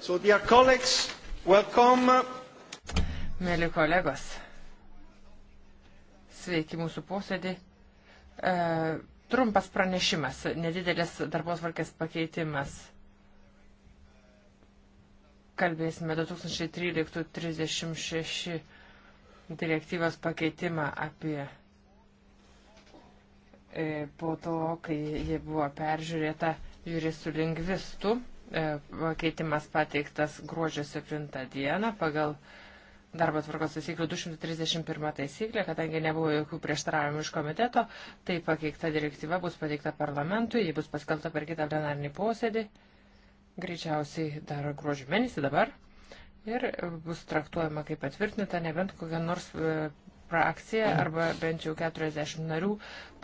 So, dear colleagues, welcome. Mėly kolegos, sveiki mūsų posėdį. E, trumpas pranešimas, nedidelis darbos varkės pakeitimas. Kalbėsime 2013-36 direktyvos pakeitimą apie E, po to, kai ji buvo peržiūrėta juristų lingvistų, e, keitimas pateiktas gruodžio 7 dieną pagal darbo tvarkos taisyklių 231 taisyklė, kadangi nebuvo jokių prieštaravimų iš komiteto, tai pakeikta direktyva bus pateikta parlamentui, ji bus paskelbta per kitą plenarinį posėdį, greičiausiai dar gruodžio mėnesį dabar, ir bus traktuojama kaip patvirtinta, nebent kokia nors e, frakcija arba bent jau 40 narių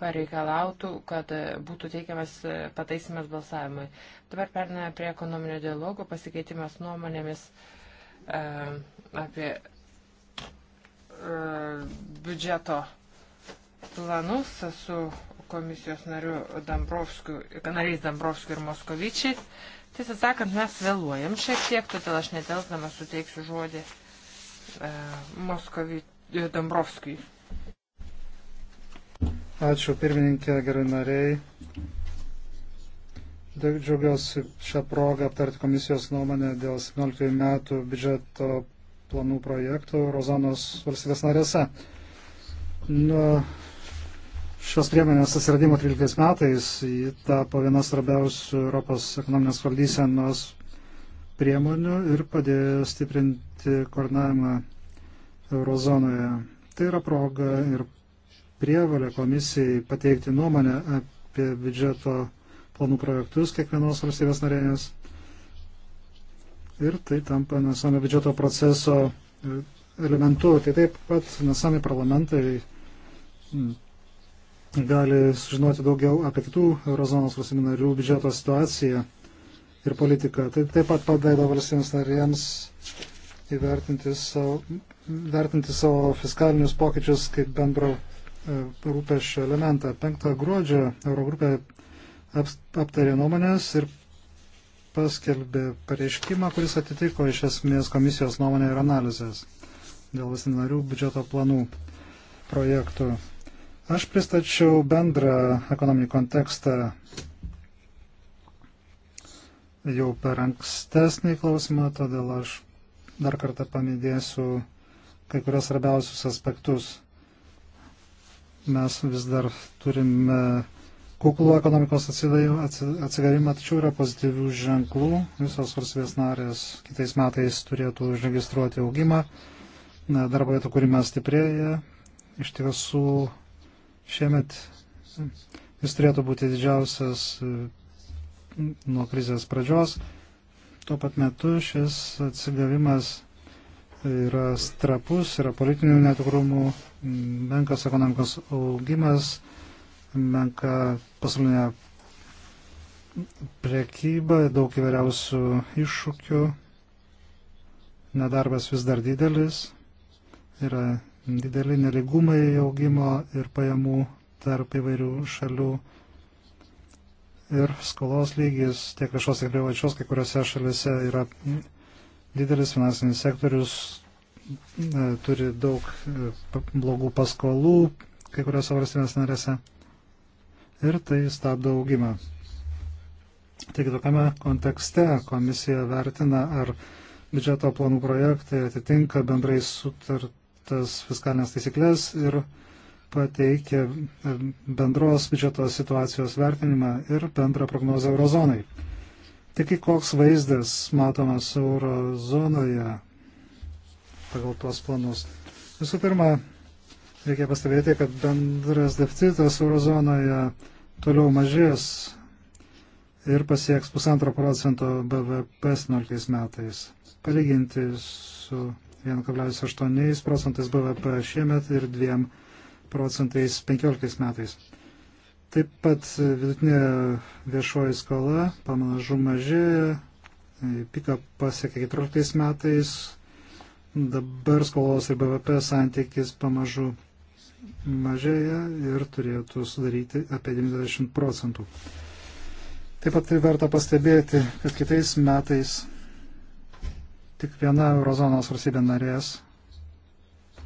pareikalautų, kad būtų teikiamas e, pataisimas balsavimui. Dabar pername prie ekonominio dialogo, pasikeitimas nuomonėmis uh, apie uh, biudžeto planus su komisijos nariu Dambrovskiu, nariais Dambrovskiu ir Moskovičiai. Tiesą sakant, mes vėluojam šiek tiek, todėl aš netelsdamas suteiksiu žodį uh, Moskovičiai E, Dombrovskijui. Ačiū pirmininkė, gerai nariai. Džiaugiuosi šią progą aptarti komisijos nuomonę dėl 17 metų biudžeto planų projektų Eurozonos valstybės narėse. Nuo šios priemonės atsiradimo 13 metais ji tapo vienas svarbiausių Europos ekonominės valdysenos priemonių ir padėjo stiprinti koordinavimą eurozonoje. Tai yra proga ir prievalė komisijai pateikti nuomonę apie biudžeto planų projektus kiekvienos valstybės narės. Ir tai tampa nesame biudžeto proceso e, elementu. Tai taip pat nesame parlamentai gali sužinoti daugiau apie kitų eurozonos valstybių narių biudžeto situaciją ir politiką. Tai taip pat padeda valstybėms narėms įvertinti savo, vertinti savo fiskalinius pokyčius kaip bendro e, rūpešio elementą. 5 gruodžio Eurogrupė aptarė nuomonės ir paskelbė pareiškimą, kuris atitiko iš esmės komisijos nuomonę ir analizės dėl visinarių biudžeto planų projektų. Aš pristačiau bendrą ekonominį kontekstą jau per ankstesnį klausimą, todėl aš Dar kartą paminėsiu kai kurios svarbiausius aspektus. Mes vis dar turime kuklų ekonomikos atsigavimą, tačiau yra pozityvių ženklų. Visos valstybės narės kitais metais turėtų užregistruoti augimą. Darbo vietų kūrimas stiprėja. Iš tiesų, šiemet jis turėtų būti didžiausias mm, nuo krizės pradžios. Tuo pat metu šis atsigavimas yra strapus, yra politinių netikrumų, menkas ekonomikos augimas, menka pasaulinė prekyba, daug įvairiausių iššūkių, nedarbas vis dar didelis, yra dideli neligumai augimo ir pajamų tarp įvairių šalių ir skolos lygis tiek viešos, tiek privačios kai kuriuose šalise yra didelis finansinis sektorius, e, turi daug e, blogų paskolų kai kuriuose valstybės narėse ir tai stabdo augimą. Tik tokiame kontekste komisija vertina, ar biudžeto planų projektai atitinka bendrai sutartas fiskalinės taisyklės ir uh, pateikė e, bendros biudžeto situacijos vertinimą ir bendrą prognozę eurozonai. Tik į koks vaizdas matomas eurozonoje pagal tuos planus. Visų pirma, reikia pastebėti, kad bendras deficitas eurozonoje toliau mažės ir pasieks pusantro procento BVP 17 metais. Palyginti su 1,8 procentais BVP šiemet ir 2 procentais procentais 15 metais. Taip pat vidutinė viešoji skola pamažu mažėja, pika pasiekė 14 metais, dabar skolos ir BVP santykis pamažu mažėja ir turėtų sudaryti apie 90 procentų. Taip pat verta pastebėti, kad kitais metais tik viena eurozonos valstybė narės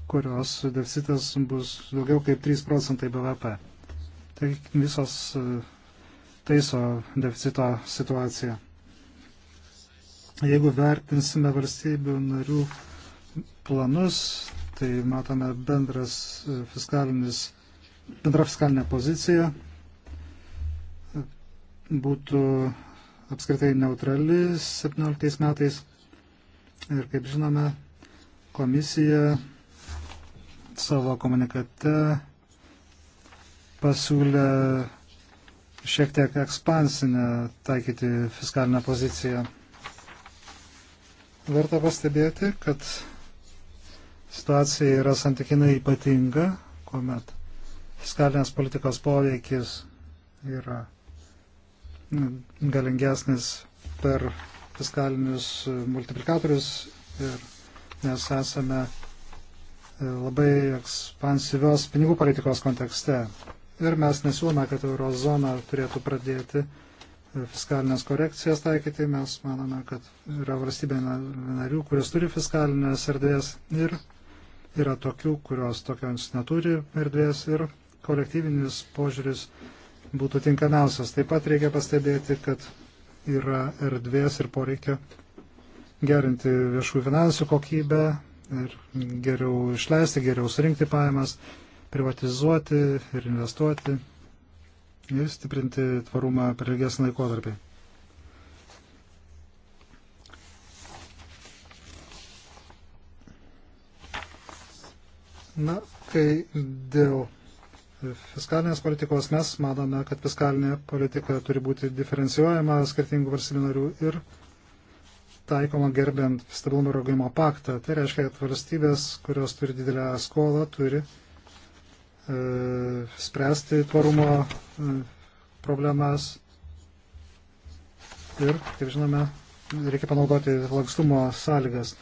kurios deficitas bus daugiau kaip 3 procentai BVP. Tai visos e, taiso deficito situaciją. Jeigu vertinsime valstybių narių planus, tai matome bendras e, fiskalinis, bendra fiskalinė pozicija būtų apskritai neutrali 17 metais. Ir kaip žinome, komisija savo komunikate pasiūlė šiek tiek ekspansinę taikyti fiskalinę poziciją. Verta pastebėti, kad situacija yra santykinai ypatinga, kuomet fiskalinės politikos poveikis yra galingesnis per fiskalinius multiplikatorius ir mes esame E, labai ekspansyvios pinigų politikos kontekste. Ir mes nesiūlome, kad eurozona turėtų pradėti e, fiskalinės korekcijas taikyti. Mes manome, kad yra valstybė narių, kurios turi fiskalinės erdvės ir yra tokių, kurios tokios neturi erdvės ir kolektyvinis požiūris būtų tinkamiausias. Taip pat reikia pastebėti, kad yra erdvės ir poreikia gerinti viešųjų finansų kokybę, ir geriau išleisti, geriau surinkti pajamas, privatizuoti ir investuoti ir stiprinti tvarumą per ilgesnį laikotarpį. Na, kai dėl fiskalinės politikos mes manome, kad fiskalinė politika turi būti diferencijuojama skirtingų valstybių narių ir taikoma gerbiant stabilumo ir augimo paktą. Tai reiškia, kad valstybės, kurios turi didelę skolą, turi e, spręsti tvarumo e, problemas. Ir, kaip žinome, reikia panaudoti lankstumo sąlygas.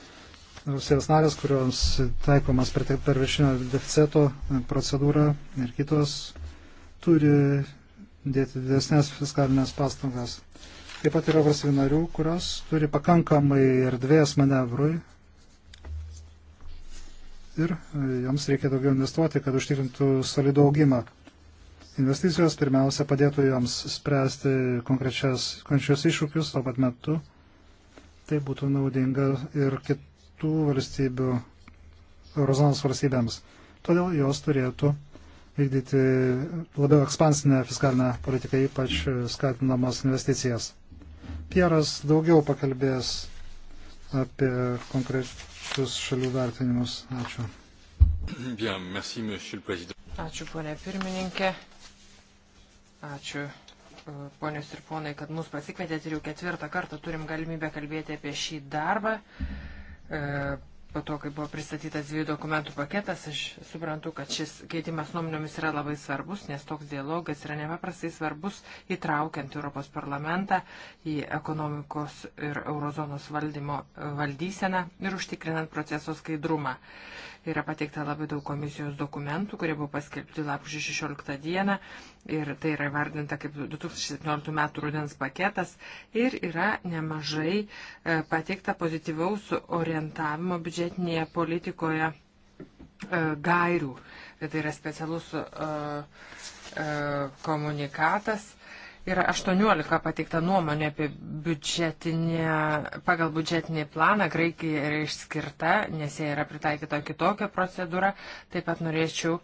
Rusijos narės, kurioms taikomas perviršinio deficito e, procedūra ir kitos, turi dėti didesnės fiskalinės pastangas. Taip pat yra valstybių narių, kurios turi pakankamai erdvės manevrui ir e, joms reikia daugiau investuoti, kad užtikrintų solidų augimą. Investicijos pirmiausia padėtų joms spręsti konkrečius iššūkius, o pat metu tai būtų naudinga ir kitų valstybių, eurozonos valstybėms. Todėl jos turėtų vykdyti labiau ekspansinę fiskalinę politiką, ypač skatinamas investicijas. Pieras daugiau pakalbės apie konkrečius šalių vertinimus. Ačiū. Bien, merci, Ačiū, ponė pirmininkė. Ačiū, e, ponios ir ponai, kad mus pasikvietėte ir jau ketvirtą kartą turim galimybę kalbėti apie šį darbą. E, po to, kai buvo pristatytas dviejų dokumentų paketas, aš suprantu, kad šis keitimas nuomonėmis yra labai svarbus, nes toks dialogas yra nepaprastai svarbus įtraukiant Europos parlamentą į ekonomikos ir eurozonos valdymo valdyseną ir užtikrinant proceso skaidrumą. Yra pateikta labai daug komisijos dokumentų, kurie buvo paskelbti lapkričio 16 dieną ir tai yra vardinta kaip 2017 metų rudens paketas ir yra nemažai e, pateikta pozityvaus orientavimo biudžetinėje politikoje e, gairių. Tai yra specialus e, komunikatas Yra 18 pateikta nuomonė apie biudžetinę, pagal biudžetinį planą Graikija yra išskirta, nes jie yra pritaikyta kitokia procedūra. Taip pat norėčiau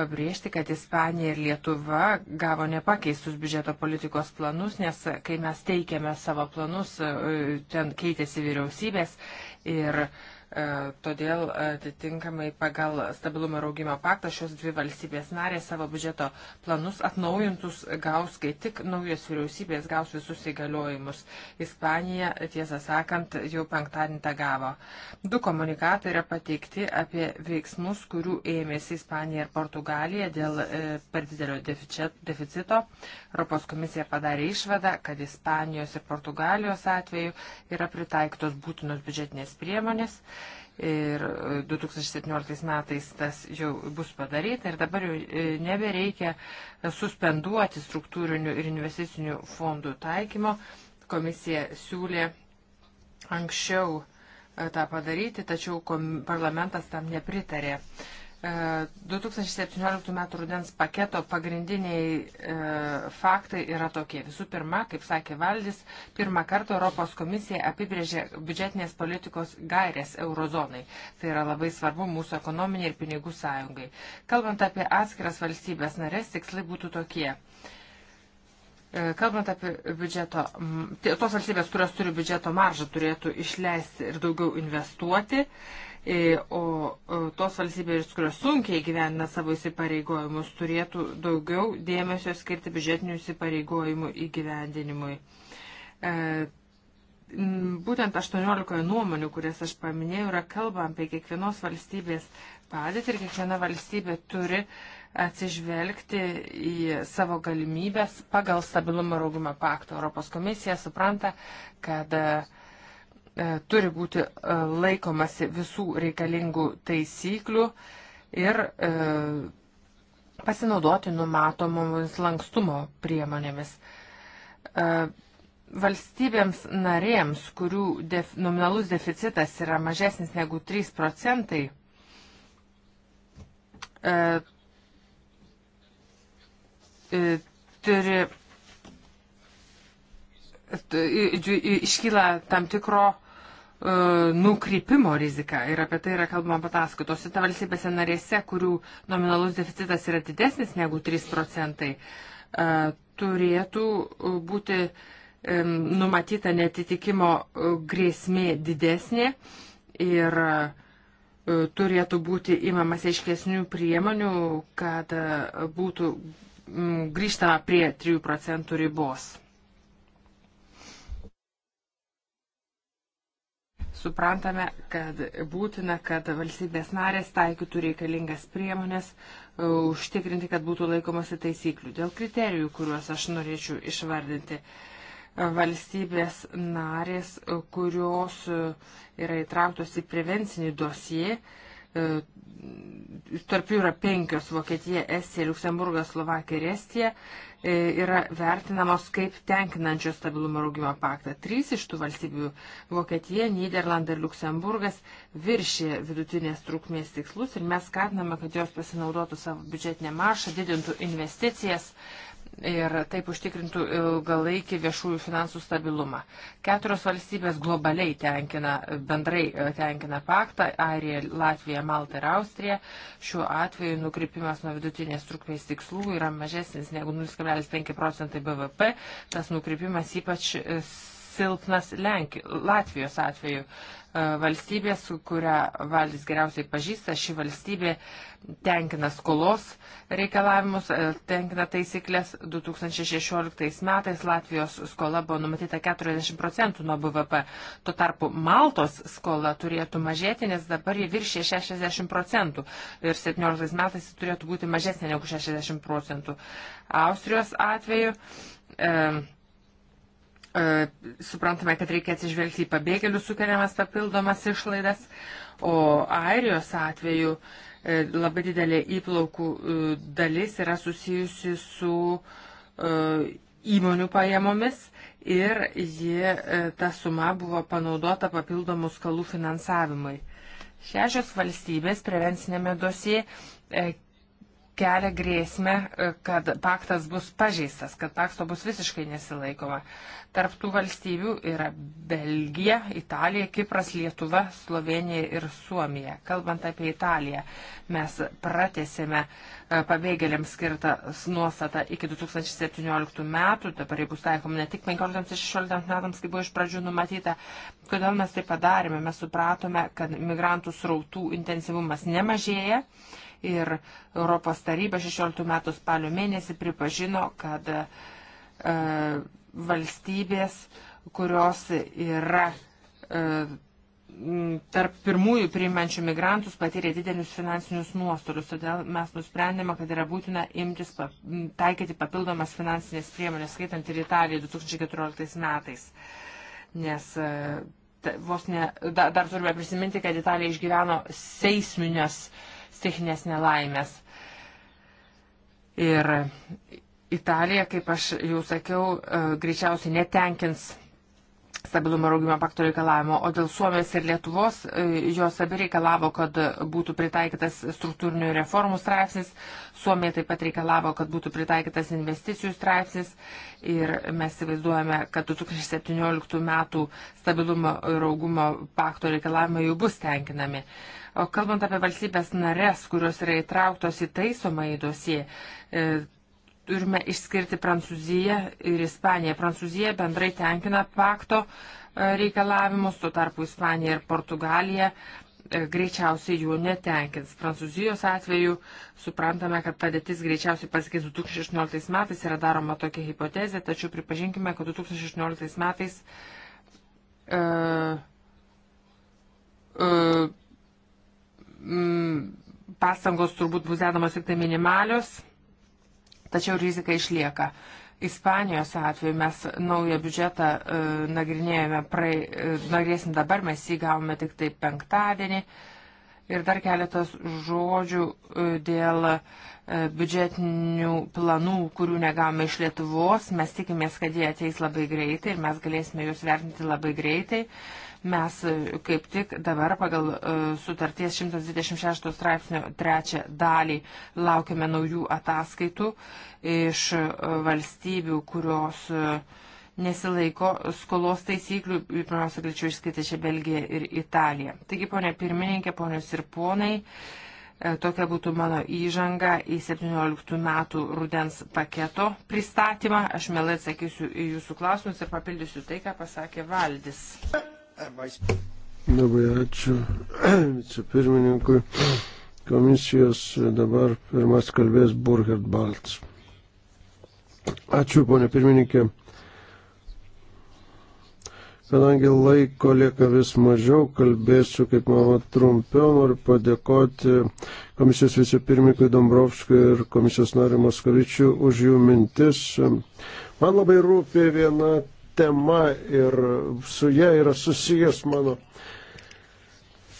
pabrėžti, kad Ispanija ir Lietuva gavo nepakeistus biudžeto politikos planus, nes kai mes teikėme savo planus, ten keitėsi vyriausybės ir uh, E, todėl atitinkamai pagal stabilumo ir augimo paktą šios dvi valstybės narės savo biudžeto planus atnaujintus gaus, kai tik naujos vyriausybės gaus visus įgaliojimus. Ispanija, tiesą sakant, jau penktadienį tą gavo. Du komunikatai yra pateikti apie veiksmus, kurių ėmėsi Ispanija ir Portugalija dėl e, per didelio deficito. Europos komisija padarė išvadą, kad Ispanijos ir Portugalijos atveju yra pritaiktos būtinos biudžetinės priemonės. Ir 2017 e, metais tas jau bus padaryta ir dabar jau e, nebereikia suspenduoti struktūrinių ir investicinių fondų taikymo. Komisija siūlė anksčiau e, tą padaryti, tačiau parlamentas tam nepritarė. 2017 e, m. rudens paketo pagrindiniai e, faktai yra tokie. Visų pirma, kaip sakė Valdis, pirmą kartą Europos komisija apibrėžė biudžetinės politikos gairės eurozonai. Tai yra labai svarbu mūsų ekonominiai ir pinigų sąjungai. Kalbant apie atskiras valstybės narės, tikslai būtų tokie. E, kalbant apie biudžeto, tos valstybės, kurios turi biudžeto maržą, turėtų išleisti ir daugiau investuoti. E, E, o tos valstybės, kurios sunkiai gyvena savo įsipareigojimus, turėtų daugiau dėmesio skirti biudžetinių įsipareigojimų įgyvendinimui. E, būtent 18 nuomonių, kurias aš paminėjau, yra kalba apie kiekvienos valstybės padėtį ir kiekviena valstybė turi atsižvelgti į savo galimybės pagal stabilumo ir augimo pakto. Europos komisija supranta, kad uh, E, turi būti e, laikomasi visų reikalingų taisyklių ir e, pasinaudoti numatomomis lankstumo priemonėmis. Valstybėms narėms, kurių def, nominalus deficitas yra mažesnis negu 3 procentai, e, e, turi Tai iškyla tam tikro e, nukrypimo rizika ir apie tai yra kalbama pataskaitose. Ta valstybėse narėse, kurių nominalus deficitas yra didesnis negu 3 procentai, e, turėtų e, būti numatyta netitikimo grėsmė didesnė ir turėtų būti imamas aiškesnių priemonių, kad būtų grįžtama prie 3 procentų ribos. Suprantame, kad būtina, kad valstybės narės taikytų reikalingas priemonės, e, užtikrinti, kad būtų laikomasi taisyklių. Dėl kriterijų, kuriuos aš norėčiau išvardinti, e, valstybės narės, e, kurios yra įtrauktos į prevencinį dosiją, E, tarp jų yra penkios - Vokietija, Estija, Luksemburgas, Slovakija ir Estija - e, yra vertinamos kaip tenkinančios stabilumo rūgimo paktą. Trys iš tų valstybių - Vokietija, Niderlandai ir Luksemburgas - viršė vidutinės trukmės tikslus ir mes skatiname, kad jos pasinaudotų savo biudžetinę maršą, didintų investicijas. Uh, ir taip užtikrintų ilgalaikį viešųjų finansų stabilumą. Keturios valstybės globaliai tenkina, bendrai e, tenkina paktą - Airija, Latvija, Malta ir Austrija. Šiuo atveju nukrypimas nuo vidutinės trukmės tikslų yra mažesnis negu 0,5 procentai BVP. Tas nukrypimas ypač e, silpnas Lenki, Latvijos atveju. E, valstybė, su kuria valdys geriausiai pažįsta, ši valstybė tenkina skolos reikalavimus, e, tenkina taisyklės. 2016 metais Latvijos skola buvo numatyta 40 procentų nuo BVP. Tuo tarpu Maltos skola turėtų mažėti, nes dabar jį viršė 60 procentų ir 17 metais jį turėtų būti mažesnė negu 60 procentų. Austrijos atveju. E, E, suprantame, kad reikia atsižvelgti į pabėgėlių sukeliamas papildomas išlaidas, o Airijos atveju e, labai didelė įplaukų e, dalis yra susijusi su įmonių pajamomis ir ji, ta suma buvo panaudota papildomų skalų finansavimui. Šešios valstybės prevencinėme dosie kelia grėsmę, e, kad paktas bus pažeistas, kad pakto bus visiškai nesilaikoma. Tarptų valstybių yra Belgija, Italija, Kipras, Lietuva, Slovenija ir Suomija. Kalbant apie Italiją, mes pratesėme e, pabėgėliams skirtą nuostatą iki 2017 metų, dabar jie bus taikomi ne tik 15-16 metams, kaip buvo iš pradžių numatyta. Kodėl mes tai padarėme? Mes supratome, kad migrantų srautų intensyvumas nemažėja ir Europos taryba 16 metų spalio mėnesį pripažino, kad e, valstybės, kurios yra e, tarp pirmųjų priimančių migrantus patyrė didelius finansinius nuostolius, todėl mes nusprendėme, kad yra būtina imtis pa, taikyti papildomas finansinės priemonės, skaitant ir Italiją 2014 metais. Nes e, ta, vos ne, da, dar turime prisiminti, kad Italija išgyveno seisminės uh, stichinės nelaimės. Ir Italija, kaip aš jau sakiau, e, greičiausiai netenkins stabilumo ir augimo pakto reikalavimo, o dėl Suomijos ir Lietuvos e, jos abi reikalavo, kad būtų pritaikytas struktūrinių reformų straipsnis, Suomija taip pat reikalavo, kad būtų pritaikytas investicijų straipsnis ir mes įsivaizduojame, kad 2017 metų stabilumo ir augimo pakto reikalavimai jau bus tenkinami. Uh, O kalbant apie valstybės narės, kurios yra įtrauktos į taisomą į dosiją, e, turime išskirti Prancūziją ir Ispaniją. Prancūzija bendrai tenkina pakto e, reikalavimus, tuo tarpu Ispanija ir Portugalija e, greičiausiai jų netenkins. Prancūzijos atveju suprantame, kad padėtis greičiausiai pasikeis 2016 metais, yra daroma tokia hipotezė, tačiau pripažinkime, kad 2016 metais uh, uh, Mm, pastangos turbūt bus dedamos tik tai minimalios, tačiau rizika išlieka. Ispanijos atveju mes naują biudžetą e, nagrinėjome, prae, e, nagrėsim dabar, mes jį gavome tik tai penktadienį. Ir dar keletas žodžių e, dėl e, biudžetinių planų, kurių negavome iš Lietuvos. Mes tikimės, kad jie ateis labai greitai ir mes galėsime juos vertinti labai greitai. E, Mes e, kaip tik dabar pagal e, sutarties 126 straipsnio trečią dalį laukiame naujų ataskaitų iš e, valstybių, kurios nesilaiko skolos taisyklių, pirmiausia, galėčiau išskaityti čia Belgiją ir Italiją. Taigi, ponė pirmininkė, ponios ir ponai, tokia būtų mano įžanga į 17 metų rudens paketo pristatymą. Aš mielai atsakysiu į jūsų klausimus ir papildysiu tai, ką pasakė Valdis. Labai ačiū vicepirmininkui komisijos. Dabar pirmas kalbės Burgert Balts. Ačiū, ponė pirmininkė. Kadangi laiko lieka vis mažiau, kalbėsiu, kaip mano trumpiau, noriu padėkoti komisijos vicepirmininkui Dombrovskui ir komisijos nariu Moskovičiu už jų mintis. Man labai rūpė viena tema ir su ja yra susijęs mano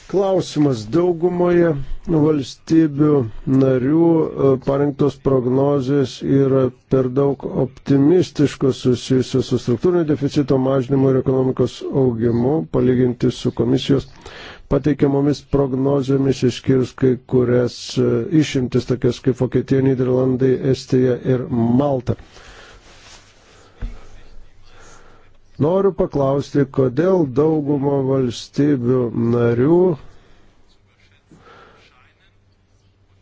klausimas. Daugumoje valstybių narių e, parengtos prognozijas yra per daug optimistiškos susijusios su struktūrinio deficito mažinimu ir ekonomikos augimu, palyginti su komisijos pateikiamomis prognozijomis, išskyrus kai kurias e, išimtis, tokias kaip Vokietija, Niderlandai, Estija ir Malta. Noriu paklausti, kodėl daugumo valstybių narių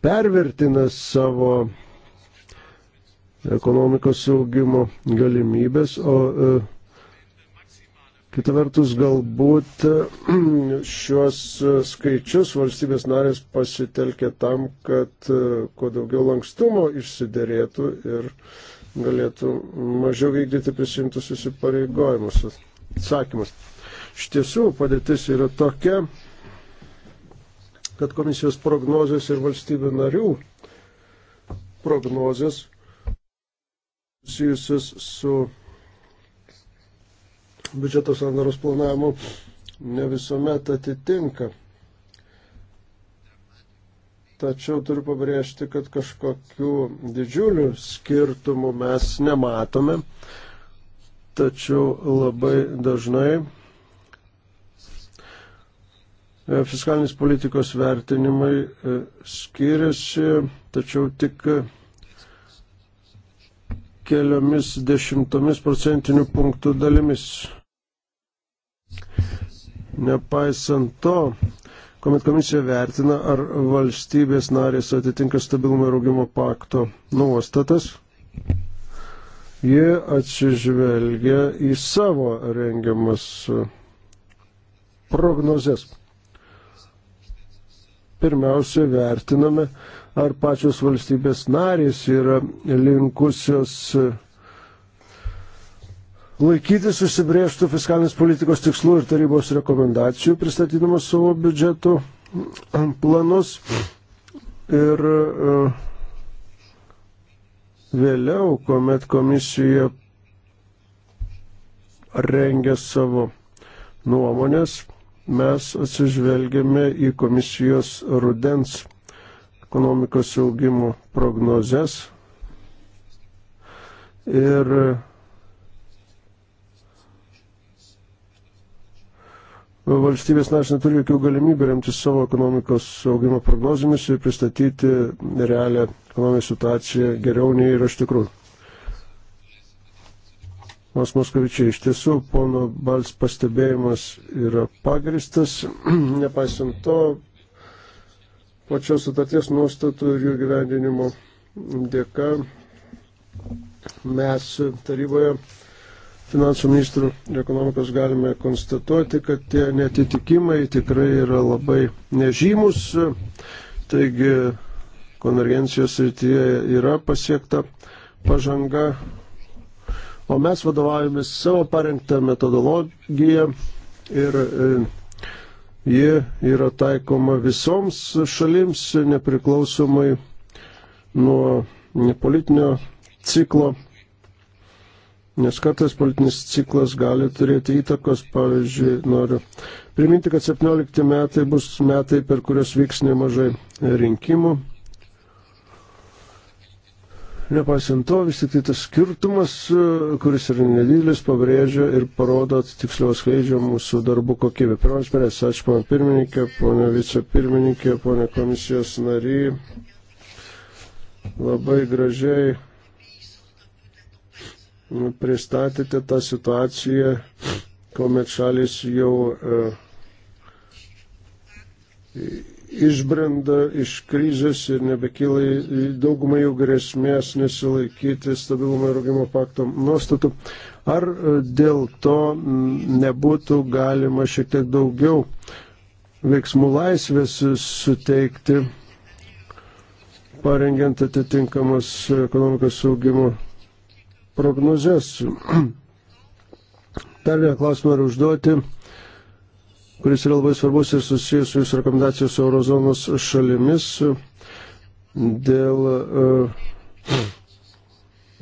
pervertina savo ekonomikos augimo galimybės, o e, kita vertus galbūt e, šiuos skaičius valstybės narės pasitelkė tam, kad e, kuo daugiau lankstumo išsiderėtų ir e, galėtų mažiau vykdyti prisimtus įsipareigojimus. Atsakymas. Iš tiesų padėtis yra tokia, kad komisijos prognozijos ir valstybių narių prognozijos susijusios su biudžeto sandaros planavimu ne visuomet atitinka Tačiau turiu pabrėžti, kad kažkokių didžiulių skirtumų mes nematome. Tačiau labai dažnai fiskalinis politikos vertinimai e, skiriasi, tačiau tik keliomis dešimtomis procentinių punktų dalimis. Nepaisant to, kuomet komisija vertina, ar valstybės narės atitinka stabilumo ir augimo pakto nuostatas, jie atsižvelgia į savo rengiamas e, prognozes. Pirmiausia, vertiname, ar pačios valstybės narės yra linkusios e, laikytis susibrėžtų fiskalinės politikos tikslų ir tarybos rekomendacijų, pristatydamas savo biudžeto mm, planus. Ir e, vėliau, kuomet komisija rengia savo nuomonės, mes atsižvelgiame į komisijos rudens ekonomikos augimo prognozes ir valstybės narės neturi jokių galimybių remti savo ekonomikos augimo prognozėmis ir pristatyti realią ekonominę situaciją geriau nei yra iš tikrųjų. Mas Moskovičiai, iš tiesų, pono Bals pastebėjimas yra pagristas, nepaisant to, pačios sutarties nuostatų ir jų gyvendinimo dėka mes taryboje finansų ministrų ir ekonomikos galime konstatuoti, kad tie netitikimai tikrai yra labai nežymus. Taigi konvergencijos rytyje yra pasiekta pažanga, o mes vadovaujamės savo parengtą metodologiją ir e, ji yra taikoma visoms šalims nepriklausomai nuo politinio ciklo nes kartais politinis ciklas gali turėti įtakos. Pavyzdžiui, noriu priminti, kad 17 metai bus metai, per kuriuos vyks nemažai rinkimų. Nepaisant to, vis tik tai tas skirtumas, kuris yra nedidelis, pabrėžia ir parodo, tiksliau skleidžia mūsų darbų kokybę. Pirmas perės, ačiū pana pirmininkė, pana vicepirmininkė, pana komisijos nary. Labai gražiai Nu, pristatėte tą situaciją, kuomet šalis jau e, išbrenda iš krizės ir nebekyla daugumai jų grėsmės nesilaikyti stabilumo ir augimo pakto nuostatų. Ar e, dėl to nebūtų galima šiek tiek daugiau veiksmų laisvės suteikti, parengiant atitinkamas ekonomikos saugimo prognozes. Dar vieną klausimą noriu užduoti, kuris yra labai svarbus ir susijęs su jūsų rekomendacijos su eurozonos šalimis dėl uh, e,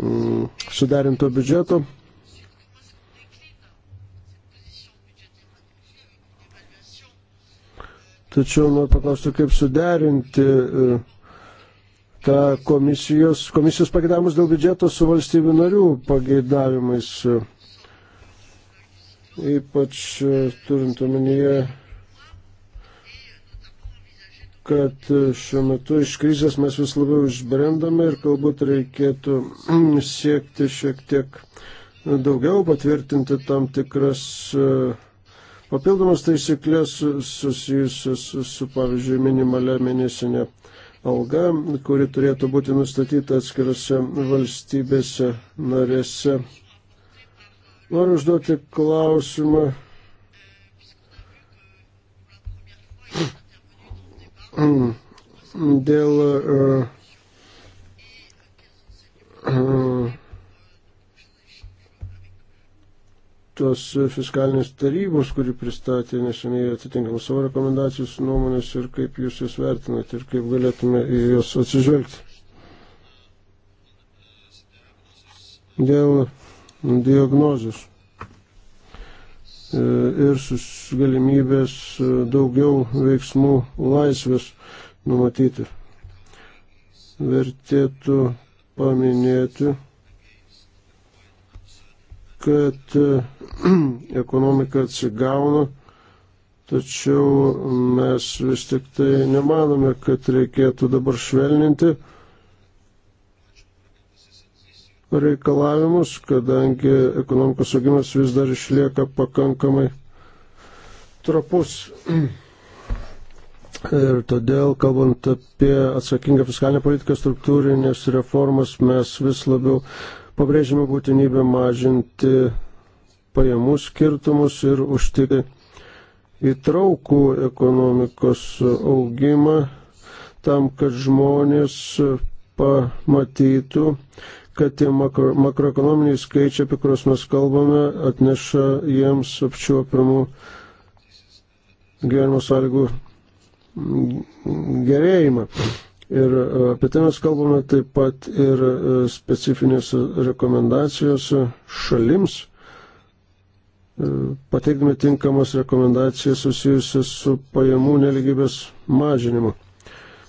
mm, sudarinto biudžeto. Tačiau noriu paklausti, kaip suderinti uh, ta komisijos, komisijos pageidavimus dėl biudžeto su valstybių narių pageidavimais. Ypač e, turint omenyje, kad e, šiuo metu iš krizės mes vis labiau išbrendame ir galbūt reikėtų siekti šiek tiek daugiau, patvirtinti tam tikras e, papildomas taisyklės susijusias su, su, pavyzdžiui, minimalia mėnesinė alga, kuri turėtų būti nustatyta atskirose valstybėse narėse. Noriu užduoti klausimą. Dėl uh, tos fiskalinės tarybos, kuri pristatė neseniai atitinkamus savo rekomendacijos nuomonės ir kaip jūs jas vertinate ir kaip galėtume į jas atsižvelgti. Dėl diagnozės e, ir galimybės e, daugiau veiksmų laisvės numatyti. Vertėtų paminėti kad ekonomika atsigauna, tačiau mes vis tik tai nemanome, kad reikėtų dabar švelninti reikalavimus, kadangi ekonomikos augimas vis dar išlieka pakankamai trapus. Ir todėl, kalbant apie atsakingą fiskalinę politiką, struktūrinės reformas, mes vis labiau Pabrėžime būtinybę mažinti pajamų skirtumus ir užtikrinti įtraukų ekonomikos augimą tam, kad žmonės pamatytų, kad tie makro, makroekonominiai skaičiai, apie kuriuos mes kalbame, atneša jiems apčiuopimų gyvenimo sąlygų gerėjimą. Ir e, apie tai mes kalbame taip pat ir e, specifinėse rekomendacijose šalims, e, pateikdami tinkamas rekomendacijas susijusias su pajamų neligybės mažinimu.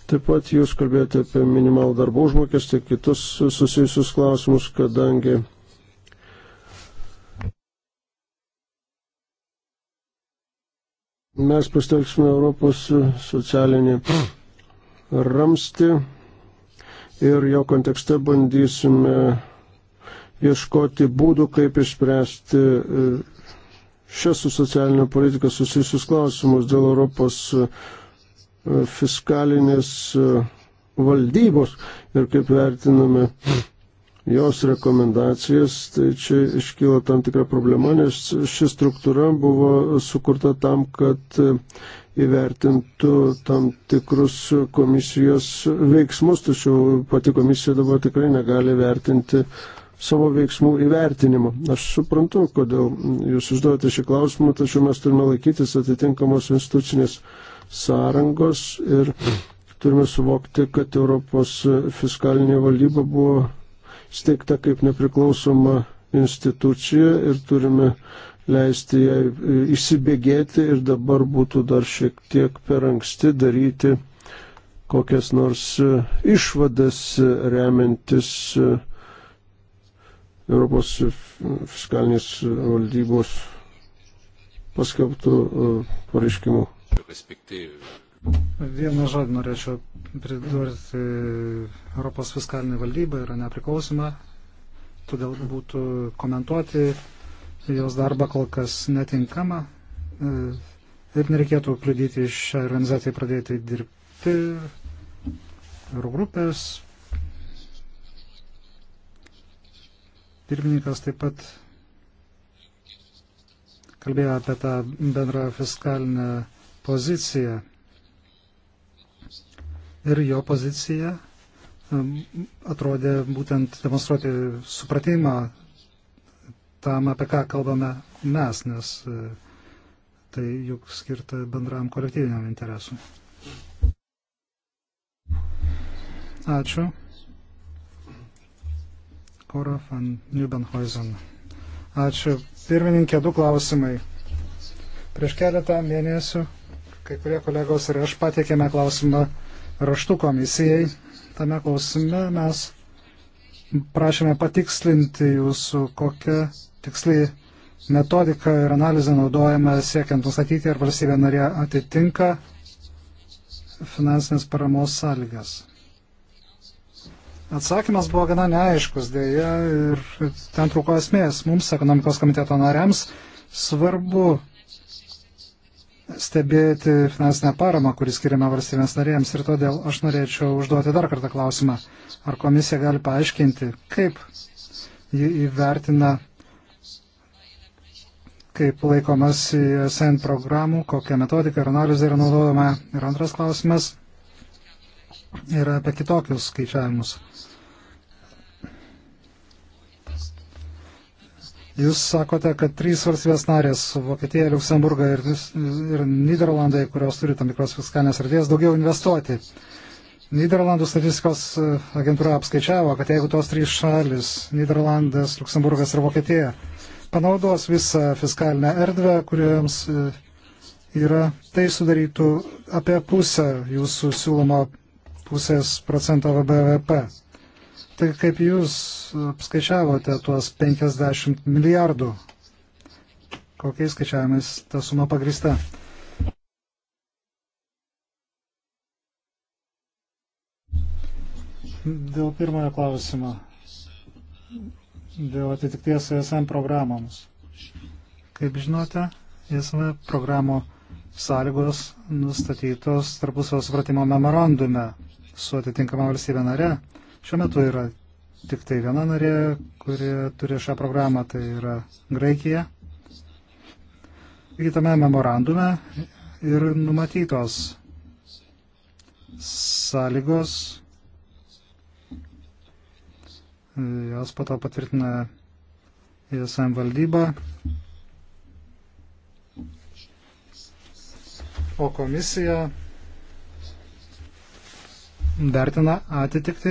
Taip pat jūs kalbėjote apie minimalų darbo užmokestį, kitus susijusius klausimus, kadangi mes pastelgsime Europos socialinį ramsti ir jo kontekste bandysime ieškoti būdų, kaip išspręsti e, šias su socialinė politika susijusius klausimus dėl Europos e, fiskalinės e, valdybos ir kaip vertiname jos rekomendacijas, tai čia iškyla tam tikra problema, nes ši struktūra buvo sukurta tam, kad įvertintų tam tikrus komisijos veiksmus, tačiau pati komisija dabar tikrai negali vertinti savo veiksmų įvertinimo. Aš suprantu, kodėl jūs užduodate šį klausimą, tačiau mes turime laikytis atitinkamos institucinės sąrangos ir turime suvokti, kad Europos fiskalinė valdyba buvo steigta kaip nepriklausoma institucija ir turime uh, leisti jai įsibėgėti e, ir dabar būtų dar šiek tiek per anksti daryti kokias nors e, išvadas e, remiantis Europos fiskalinės valdybos paskelbtų pareiškimų. Vieną žodį norėčiau pridurti. Europos fiskalinė valdyba yra nepriklausoma, todėl būtų komentuoti jos darbą kol kas netinkama e, ir nereikėtų kliudyti šią organizaciją pradėti dirbti. Euro grupės pirmininkas taip pat kalbėjo apie tą bendrą fiskalinę poziciją. Ir jo pozicija atrodė būtent demonstruoti supratimą tam, apie ką kalbame mes, nes e, tai juk skirta bendram kolektyviniam interesui. Ačiū. Kora van Neubenhuizen. Ačiū. Pirmininkė, du klausimai. Prieš keletą mėnesių kai kurie kolegos ir aš pateikėme klausimą raštų komisijai. Tame klausime mes prašėme patikslinti jūsų, kokia tiksliai metodika ir analizė naudojama siekiant nustatyti, ar valstybė narė atitinka finansinės paramos sąlygas. Atsakymas buvo gana neaiškus dėja ir ten trūko esmės. Mums, ekonomikos komiteto nariams, svarbu stebėti finansinę paramą, kurį skiriame valstybėms narėjams. Ir todėl aš norėčiau užduoti dar kartą klausimą. Ar komisija gali paaiškinti, kaip ji įvertina, kaip laikomas e SN programų, kokia metodika ir analizė yra naudojama. Ir antras klausimas yra apie kitokius skaičiavimus. Jūs sakote, kad trys valstybės narės - Vokietija, Luksemburga ir, ir Niderlandai, kurios turi tam tikros fiskalinės radės, daugiau investuoti. Niderlandų statistikos e, agentūra apskaičiavo, kad jeigu tos trys šalis - Niderlandas, Luksemburgas ir Vokietija - panaudos visą fiskalinę erdvę, kuriems e, yra, tai sudarytų apie pusę jūsų siūlomo pusės procento BVP. Tai kaip jūs skaičiavote tuos 50 milijardų? Kokiais skaičiavimais ta suma pagrįsta? Dėl pirmojo klausimo. Dėl atitikties ESM programoms. Kaip žinote, ESM programų sąlygos nustatytos tarpusavio supratimo memorandume su atitinkama valstybė nare Šiuo metu yra tik tai viena narė, kuri turi šią programą, tai yra Graikija. Kitame memorandume ir numatytos sąlygos, jos po to patvirtina ESM valdyba, o komisija vertina atitikti,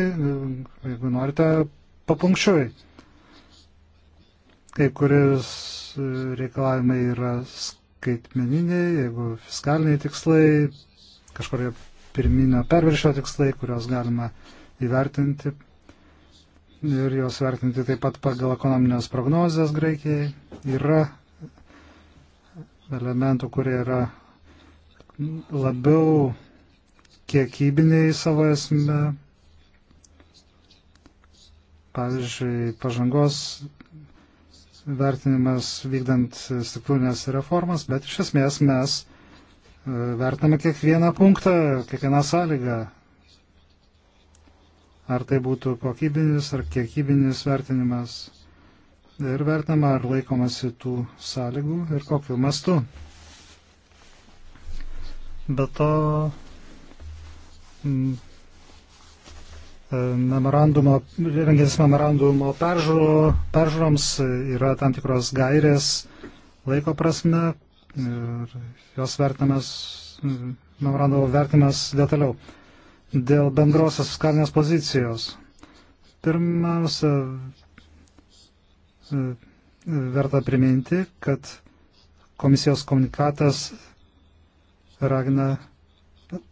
jeigu norite, papunkčiui. Kai kuris reikalavimai yra skaitmeniniai, jeigu fiskaliniai tikslai, kažkurie pirminio perviršio tikslai, kuriuos galima įvertinti ir juos vertinti taip pat pagal ekonominės prognozijas Graikijai. Yra elementų, kurie yra labiau kiekybiniai savo esme. Pavyzdžiui, pažangos vertinimas vykdant struktūrinės reformas, bet iš esmės mes e, vertiname kiekvieną punktą, kiekvieną sąlygą. Ar tai būtų kokybinis ar kiekybinis vertinimas. Ir vertinama, ar laikomasi tų sąlygų ir kokiu mastu. Be to, Mm. E, memorandumo, rengiantis memorandumo peržiūro, peržiūroms yra tam tikros gairės laiko prasme ir jos vertinamas, memorandumo vertinimas detaliau. Dėl bendrosios fiskalinės pozicijos. Pirmiausia, e, verta priminti, kad komisijos komunikatas ragina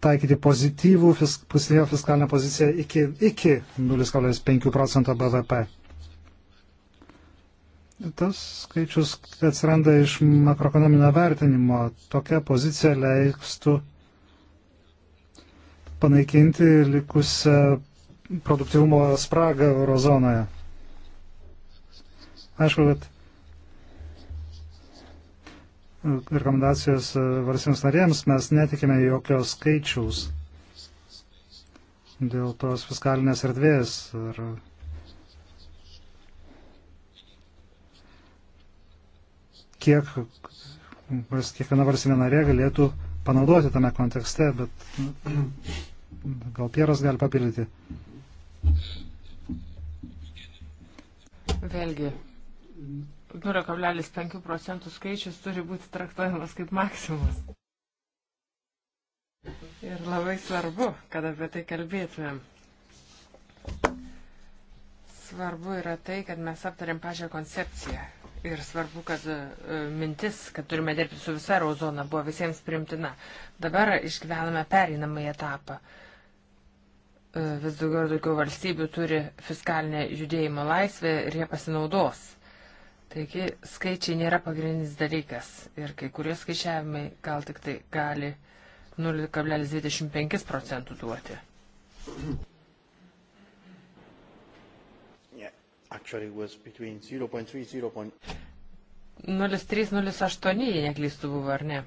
taikyti pozityvų fisk, pozityvę fiskalinę poziciją iki, iki 0,5 procento BVP. Tas skaičius atsiranda iš makroekonominio vertinimo. Tokia pozicija leistų panaikinti likusią produktivumo spragą eurozonoje. Aišku, kad rekomendacijas e, varsims narėms, mes netikime jokios skaičiaus dėl tos fiskalinės erdvės. Ir kiek kiekviena varsinė narė galėtų panaudoti tame kontekste, bet nu, gal Pieras gali papildyti. Vėlgi, 0,5 procentų skaičius turi būti traktuojamas kaip maksimumas. Ir labai svarbu, kad apie tai kalbėtumėm. Svarbu yra tai, kad mes aptarėm pačią koncepciją. Ir svarbu, kad mintis, kad turime dirbti su visa rauzona, buvo visiems primtina. Dabar išgyvename pereinamą etapą vis daugiau ir daugiau valstybių turi fiskalinę judėjimo laisvę ir jie pasinaudos. Taigi skaičiai nėra pagrindinis dalykas ir kai kurie skaičiavimai gal tik tai gali 0,25 procentų duoti. Yeah, 0,3-0,8, jei neklystų, buvo ar ne?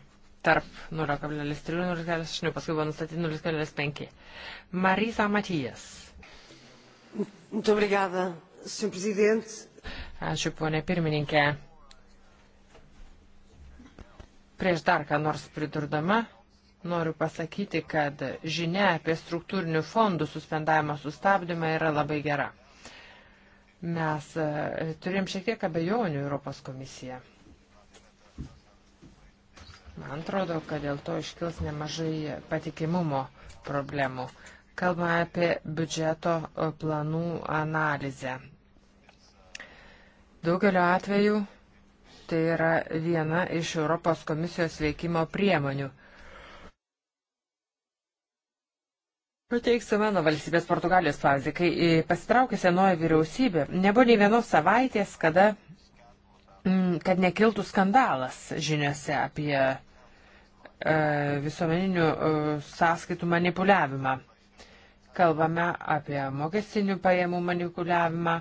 Tarp 0,3 ir 0,8, paskui buvo nustatyti 0,5. Marisa Matijas. Muito obrigada, Sr. Presidente. Ačiū, ponė pirmininkė. Prieš dar ką nors pridurdama, noriu pasakyti, kad žinia apie struktūrinių fondų suspendavimo sustabdymą yra labai gera. Mes e, turim šiek tiek abejonių Europos komisiją. Man atrodo, kad dėl to iškils nemažai patikimumo problemų. Kalbame apie biudžeto planų analizę Daugelio atvejų tai yra viena iš Europos komisijos veikimo priemonių. Pateiksiu mano valstybės Portugalijos pavyzdį. Kai pasitraukė senoji vyriausybė, nebuvo nei vienos savaitės, kada, mm, kad nekiltų skandalas žiniuose apie e, visuomeninių e, sąskaitų manipuliavimą. Kalbame apie mokestinių pajamų manipuliavimą,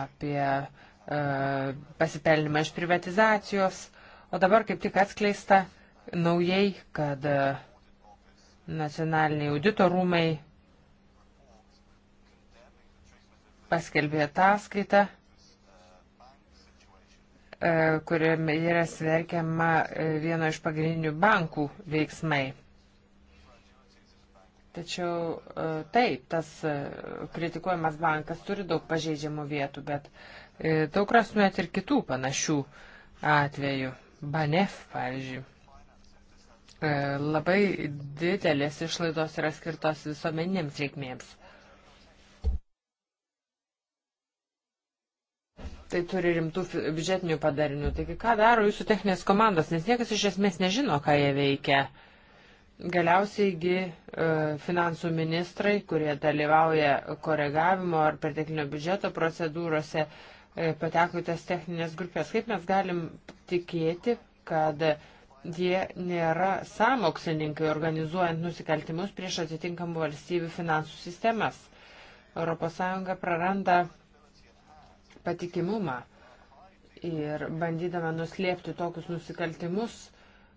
apie E, pasipelnimą iš privatizacijos, o dabar kaip tik atskleista naujai, kad e, nacionaliniai audito rūmai paskelbė ataskaitą, e, kuriame yra sverkiama vieno iš pagrindinių bankų veiksmai. Tačiau taip, tas kritikuojamas bankas turi daug pažeidžiamų vietų, bet uh, E, daug rastumėt ir kitų panašių atvejų. Banef, pavyzdžiui. E, labai didelės išlaidos yra skirtos visuomeninėms reikmėms. Tai turi rimtų biudžetinių padarinių. Taigi, ką daro jūsų techninės komandos, nes niekas iš esmės nežino, ką jie veikia. Galiausiaigi e, finansų ministrai, kurie dalyvauja koregavimo ar perteklinio biudžeto procedūrose, uh, E, pateko į tas techninės grupės. Kaip mes galim tikėti, kad jie nėra samokslininkai organizuojant nusikaltimus prieš atitinkamų valstybių finansų sistemas. ES praranda patikimumą ir bandydama nuslėpti tokius nusikaltimus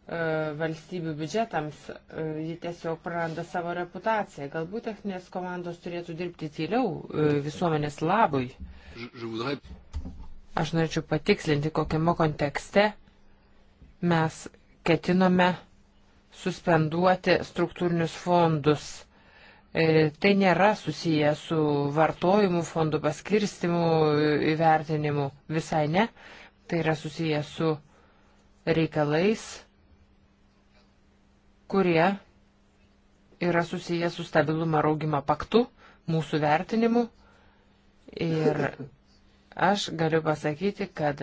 E, valstybių biudžetams, e, ji tiesiog praranda savo reputaciją. Galbūt techninės komandos turėtų dirbti tyliau e, visuomenės labui. Aš norėčiau patikslinti, kokiame kontekste mes ketinome suspenduoti struktūrinius fondus. Tai nėra susiję su vartojimu, fondų paskirstimu, įvertinimu, visai ne. Tai yra susiję su reikalais kurie yra susiję su stabilumo raugimo paktu, mūsų vertinimu. Ir aš galiu pasakyti, kad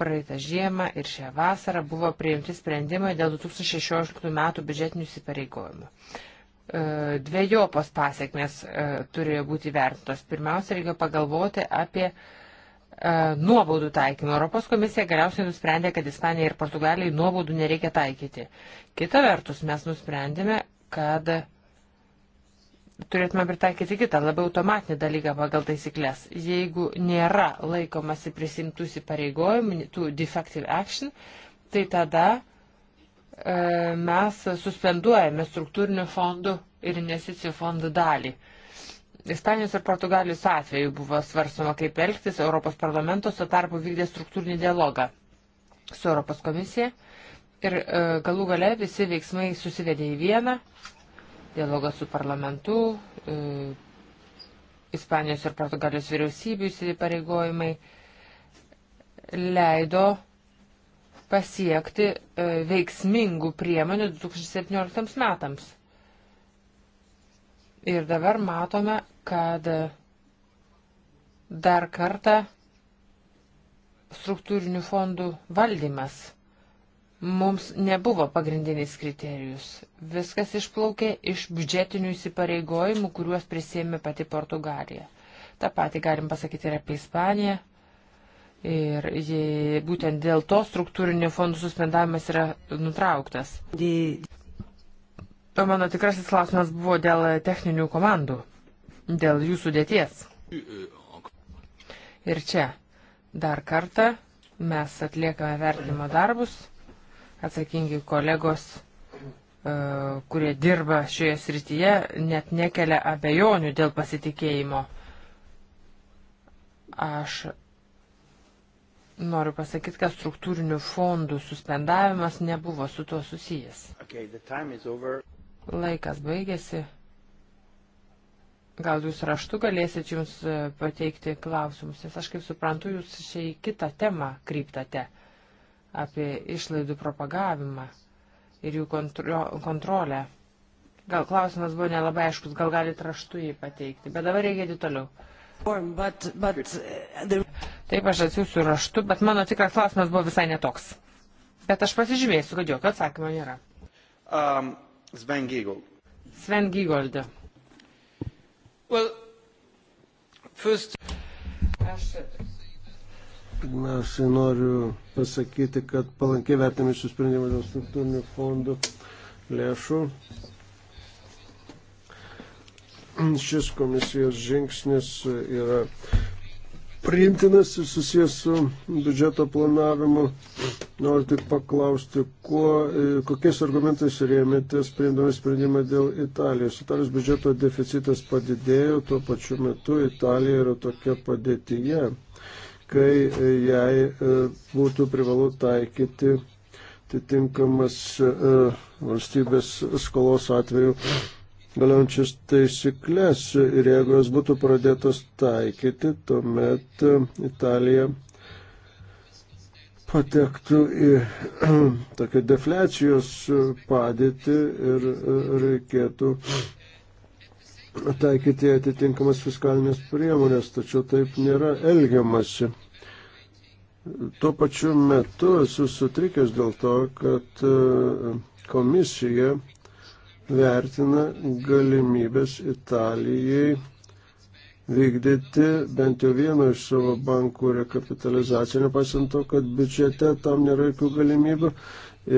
praeitą žiemą ir šią vasarą buvo priimti sprendimai dėl 2016 metų biudžetinių įsipareigojimų. E, Dviejopos pasiekmes e, turėjo būti vertintos. Pirmiausia, reikia pagalvoti apie uh, E, nuobaudų taikymą. Europos komisija galiausiai nusprendė, kad Ispanijai ir Portugalijai nuobaudų nereikia taikyti. Kita vertus, mes nusprendėme, kad turėtume pritaikyti kitą, labiau automatinį dalyką pagal taisyklės. Jeigu nėra laikomasi prisimtų įsipareigojimų, tų defective action, tai tada e, mes suspenduojame struktūrinių fondų ir investicijų fondų dalį. E, Ispanijos ir Portugalijos atveju buvo svarstoma, kaip elgtis, Europos parlamentos su tarpu vykdė struktūrinį dialogą su Europos komisija ir e, galų gale visi veiksmai susivedė į vieną dialogą su parlamentu, e, Ispanijos ir Portugalijos vyriausybių įsipareigojimai leido pasiekti e, veiksmingų priemonių 2017 metams. Ir dabar matome, kad dar kartą struktūrinių fondų valdymas mums nebuvo pagrindinis kriterijus. Viskas išplaukė iš biudžetinių įsipareigojimų, kuriuos prisėmė pati Portugalija. Ta pati galim pasakyti ir apie Ispaniją. Ir jie, būtent dėl to struktūrinių fondų suspendavimas yra nutrauktas. O mano tikrasis klausimas buvo dėl techninių komandų, dėl jų sudėties. Ir čia dar kartą mes atliekame vertinimo darbus, atsakingi kolegos, e, kurie dirba šioje srityje, net nekelia abejonių dėl pasitikėjimo. Aš Noriu pasakyti, kad struktūrinių fondų suspendavimas nebuvo su tuo susijęs. Okay, Laikas baigėsi. Gal jūs raštu galėsit jums e, pateikti klausimus, nes aš kaip suprantu, jūs šiai kitą temą kryptate apie išlaidų propagavimą ir jų kontro, kontrolę. Gal klausimas buvo nelabai aiškus, gal galit raštu jį pateikti, bet dabar reikia eiti toliau. But, but, uh, the... Taip, aš atsiųsiu raštu, bet mano tikras klausimas buvo visai netoks. Bet aš pasižymėsiu, kad jokio atsakymo nėra. Um. Sven Giegold. Sven Giegold. Well, first... Aš Pirmiausiai noriu pasakyti, kad palankiai vertinami šių sprendimų dėl struktūrinių fondų lėšų. Šis komisijos žingsnis yra priimtinas ir susijęs su biudžeto planavimu. Noriu tik paklausti, kuo, e, kokiais argumentais rėmėtės priimdami sprendimą dėl Italijos. Italijos biudžeto deficitas padidėjo, tuo pačiu metu Italija yra tokia padėtyje, kai e, jai e, būtų privalu taikyti atitinkamas valstybės skolos atveju galiojančias taisyklės ir jeigu jos būtų pradėtos taikyti, tuomet e, Italija patektų į tokią deflecijos padėtį ir e, reikėtų taikyti atitinkamas fiskalinės priemonės, tačiau taip nėra elgiamasi. Tuo pačiu metu esu sutrikęs dėl to, kad e, komisija vertina galimybės Italijai vykdyti bent jau vieno iš savo bankų rekapitalizaciją, nepaisant to, kad biudžete tam nėra jokių galimybių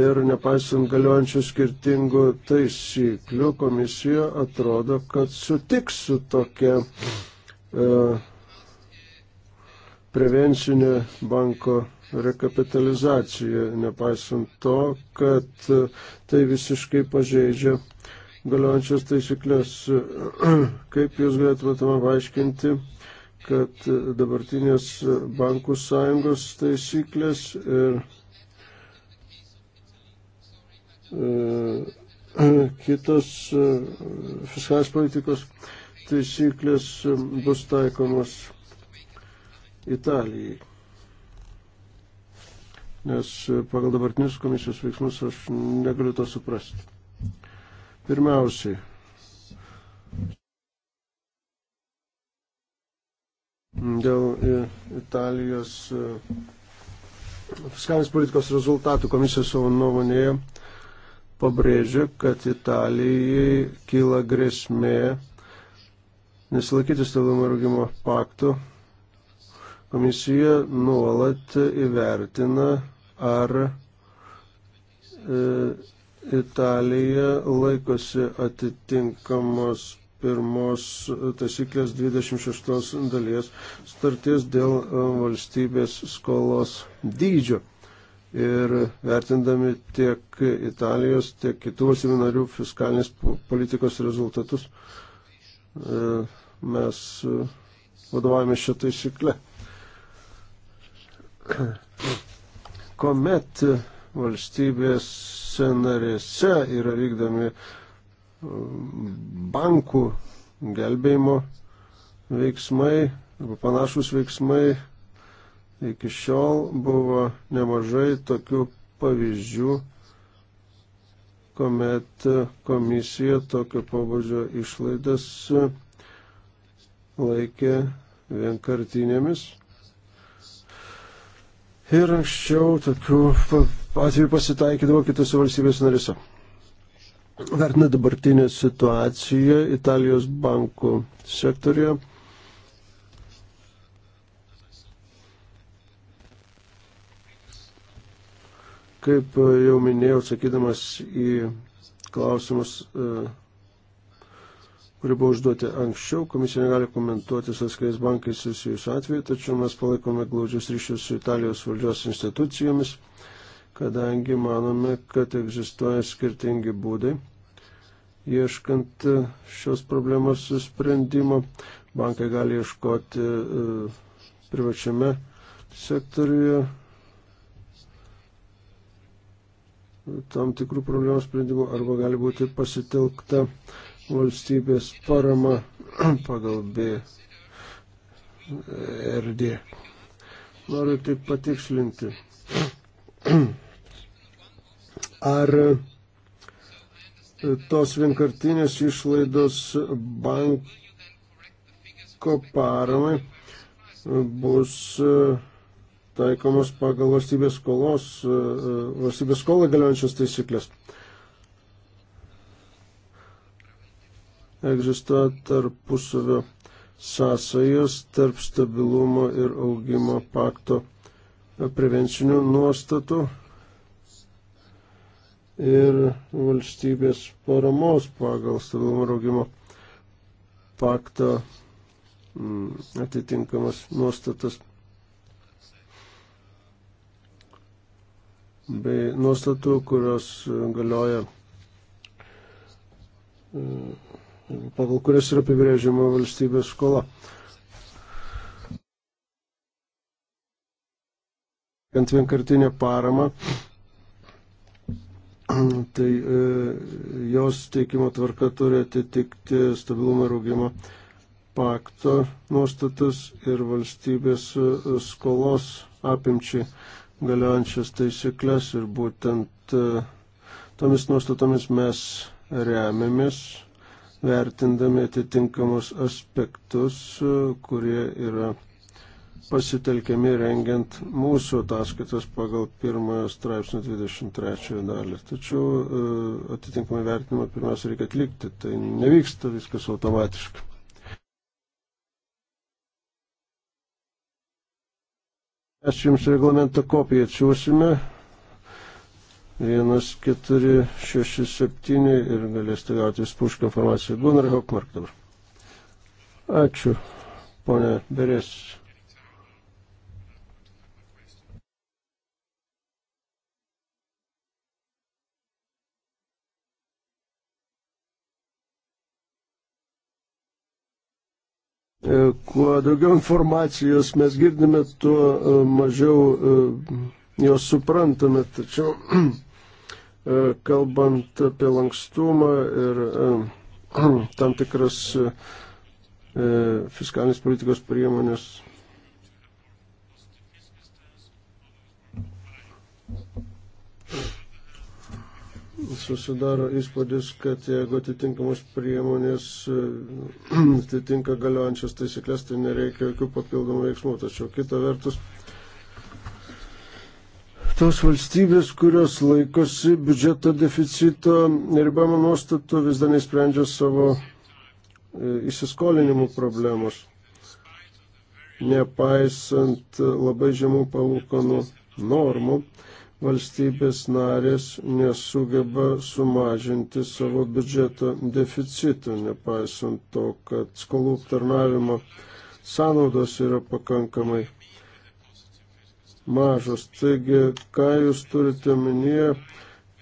ir nepaisant galiojančių skirtingų taisyklių, komisija atrodo, kad sutiks su tokia e, prevencinė banko rekapitalizacija, nepaisant to, kad tai visiškai pažeidžia galiojančias taisyklės. Kaip Jūs galėtumėte man paaiškinti, kad dabartinės bankų sąjungos taisyklės ir e, kitos e, fiskalinės politikos taisyklės bus taikomos Italijai nes pagal dabartinius komisijos veiksmus aš negaliu to suprasti. Pirmiausiai, dėl Italijos e, fiskalinės politikos rezultatų komisija savo nuomonėje pabrėžia, kad Italijai kyla grėsmė nesilaikytis stabilumo ir augimo pakto Komisija nuolat įvertina, ar e, Italija laikosi atitinkamos pirmos taisyklės 26 dalies starties dėl e, valstybės skolos dydžio. Ir vertindami tiek Italijos, tiek kitų valstybių narių fiskalinės politikos rezultatus, e, mes e, vadovavome šią taisyklę. Komet valstybės narėse yra vykdomi um, bankų gelbėjimo veiksmai arba panašus veiksmai. Iki šiol buvo nemažai tokių pavyzdžių, kuomet komisija tokio pobūdžio išlaidas laikė vienkartinėmis Ir anksčiau tokių atvejų pasitaikydavo kitose valstybės narėse. Vertina dabartinę situaciją Italijos bankų sektorijoje. Kaip jau minėjau, sakydamas į klausimus e, kuri buvo užduoti anksčiau. Komisija negali komentuoti su atskiriais bankais susijusiu atveju, tačiau mes palaikome glaudžius ryšius su Italijos valdžios institucijomis, kadangi manome, kad egzistuoja skirtingi būdai ieškant e, šios problemos sprendimo. Bankai gali ieškoti e, privačiame sektoriuje tam tikrų problemų sprendimų arba gali būti pasitelkta valstybės parama pagal BRD. E, Noriu tik patikslinti. Ar tos vienkartinės išlaidos banko paramai bus e, taikomos pagal valstybės skolos, e, valstybės skolą galiojančias taisyklės? egzistuoja tarpusavio sąsajos tarp stabilumo ir augimo pakto prevencinių nuostatų ir valstybės paramos pagal stabilumo ir augimo pakto mm, atitinkamas nuostatas bei nuostatų, kurios galioja e, pagal kurias yra apibrėžiama valstybės skola. Kant vienkartinę paramą, tai e, jos teikimo tvarka turi atitikti stabilumo ir augimo pakto nuostatas ir valstybės e, skolos apimčiai galiojančias taisyklės ir būtent e, tomis nuostatomis mes remiamės vertindami atitinkamus aspektus, kurie yra pasitelkiami rengiant mūsų ataskaitas pagal pirmojo straipsnio 23 dalį. Tačiau e, atitinkamai vertinimą pirmiausia reikia atlikti, tai nevyksta viskas automatiškai. Mes jums reglamento kopiją atsiūsime, 1, 4, 6, 7 ir galėsite gauti spūškio informaciją. Gunnar Hokmark dabar. Ačiū, ponė Berės. E, kuo daugiau informacijos mes girdime, tuo e, mažiau e, jos suprantame, tačiau E, kalbant apie lankstumą ir e, tam tikras e, fiskalinės politikos priemonės. Susidaro įspūdis, kad jeigu atitinkamos priemonės atitinka galiojančias taisyklės, tai nereikia jokių papildomų veiksmų. Tačiau kita vertus, tos valstybės, kurios laikosi biudžeto deficito ribamo nuostatų, vis dar neįsprendžia savo e, įsiskolinimų problemos, nepaisant labai žemų palūkanų normų. Valstybės narės nesugeba sumažinti savo biudžeto deficito, nepaisant to, kad skolų aptarnavimo sąnaudos yra pakankamai mažos. Taigi, ką jūs turite omenyje,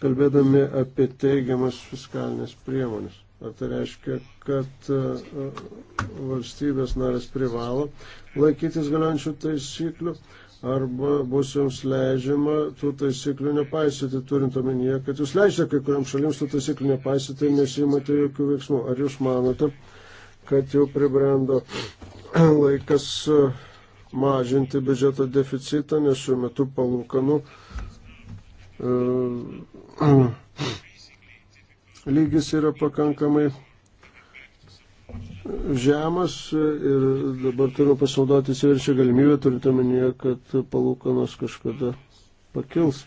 kalbėdami apie teigiamas fiskalinės priemonės? Ar tai reiškia, kad e, e, valstybės narės privalo laikytis galiojančių taisyklių, arba bus jums leidžiama tų taisyklių nepaisyti, turint omenyje, kad jūs leidžiate kai kuriams šalims tų taisyklių nepaisyti ir nesimate jokių veiksmų. Ar jūs manote, kad jau pribrendo laikas e, mažinti biudžeto deficitą, nes šiuo metu palūkanų e, lygis yra pakankamai žemas ir dabar turime pasinaudoti įsiverčią galimybę, turint omenyje, kad palūkanos kažkada pakils.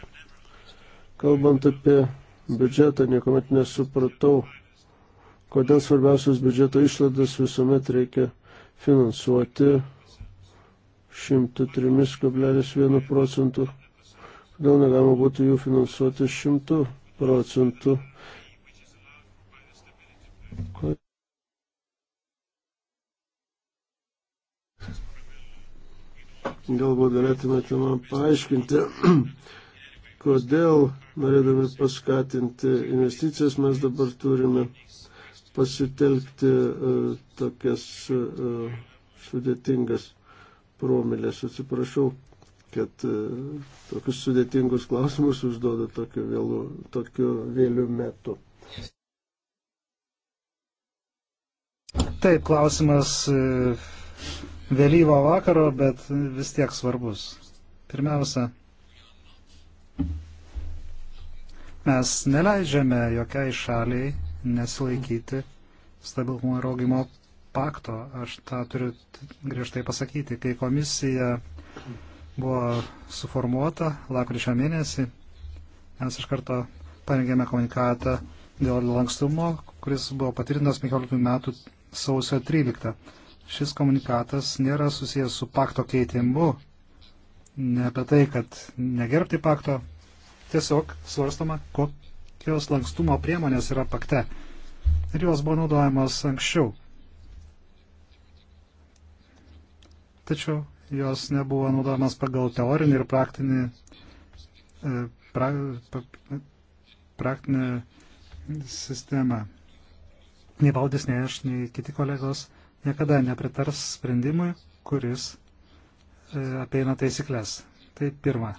Kalbant apie biudžetą, niekuomet nesupratau, kodėl svarbiausias biudžeto išlaidas visuomet reikia finansuoti 103,1 procentų. Kodėl negalima būtų jų finansuoti 100 procentų? Galbūt galėtumėte man paaiškinti, kodėl norėdami paskatinti investicijas mes dabar turime pasitelkti uh, tokias uh, sudėtingas promilės. Atsiprašau, kad e, tokius sudėtingus klausimus užduoda tokiu vėliu, tokiu vėliu metu. Taip, klausimas e, vėlyvo vakaro, bet vis tiek svarbus. Pirmiausia, mes neleidžiame jokiai šaliai nesilaikyti stabilumo ir augimo pakto, aš tą turiu griežtai pasakyti, kai komisija buvo suformuota lakryčio mėnesį, mes iš karto parengėme komunikatą dėl lankstumo, kuris buvo patvirtintas 15 metų sausio 13. Šis komunikatas nėra susijęs su pakto keitimu, ne apie tai, kad negerbti pakto, tiesiog svarstama, kokios lankstumo priemonės yra pakte. Ir jos buvo naudojamos anksčiau. tačiau jos nebuvo naudojamas pagal teorinį ir praktinį, e, pra, pra, praktinį sistemą. Nei Valdis, nei aš, nei kiti kolegos niekada nepritars sprendimui, kuris e, apeina taisyklės. Tai pirma.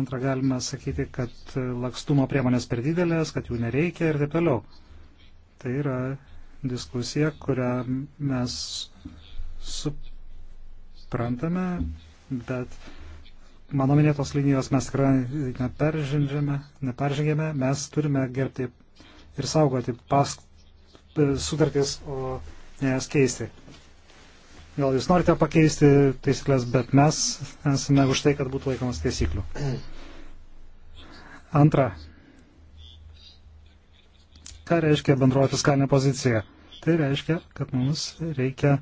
Antra, galima sakyti, kad lakstumo priemonės per didelės, kad jų nereikia ir taip toliau. Tai yra diskusija, kurią mes suprantame, bet mano minėtos linijos mes tikrai neperžengėme, mes turime gerbti ir saugoti pas, e, sutartis, o ne jas keisti. Gal jūs norite pakeisti taisyklės, bet mes esame už tai, kad būtų laikomas taisyklių. Antra. Ką reiškia bendroji fiskalinė pozicija? Tai reiškia, kad mums reikia